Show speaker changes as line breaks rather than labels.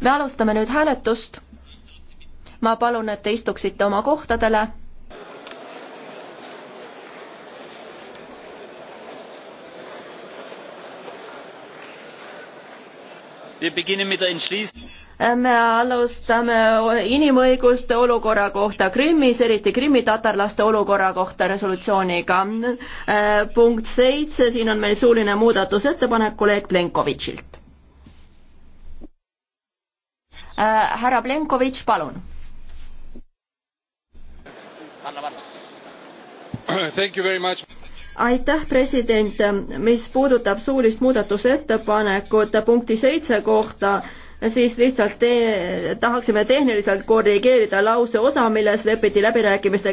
me alustame nüüd hääletust. ma palun, et te istuksite oma kohtadele. me alustame inimõiguste olukorra kohta Krimmis, eriti krimmitatarlaste olukorra kohta resolutsiooniga. Äh, punkt seitse, siin on meil suuline muudatusettepanek kolleeg Plenkovitšilt. Äh, härra Plenkovitš, palun. aitäh, president, mis puudutab suulist muudatusettepanekut punkti seitse kohta siis lihtsalt te, tahaksime tehniliselt korrigeerida lause osa, milles lepiti läbirääkimiste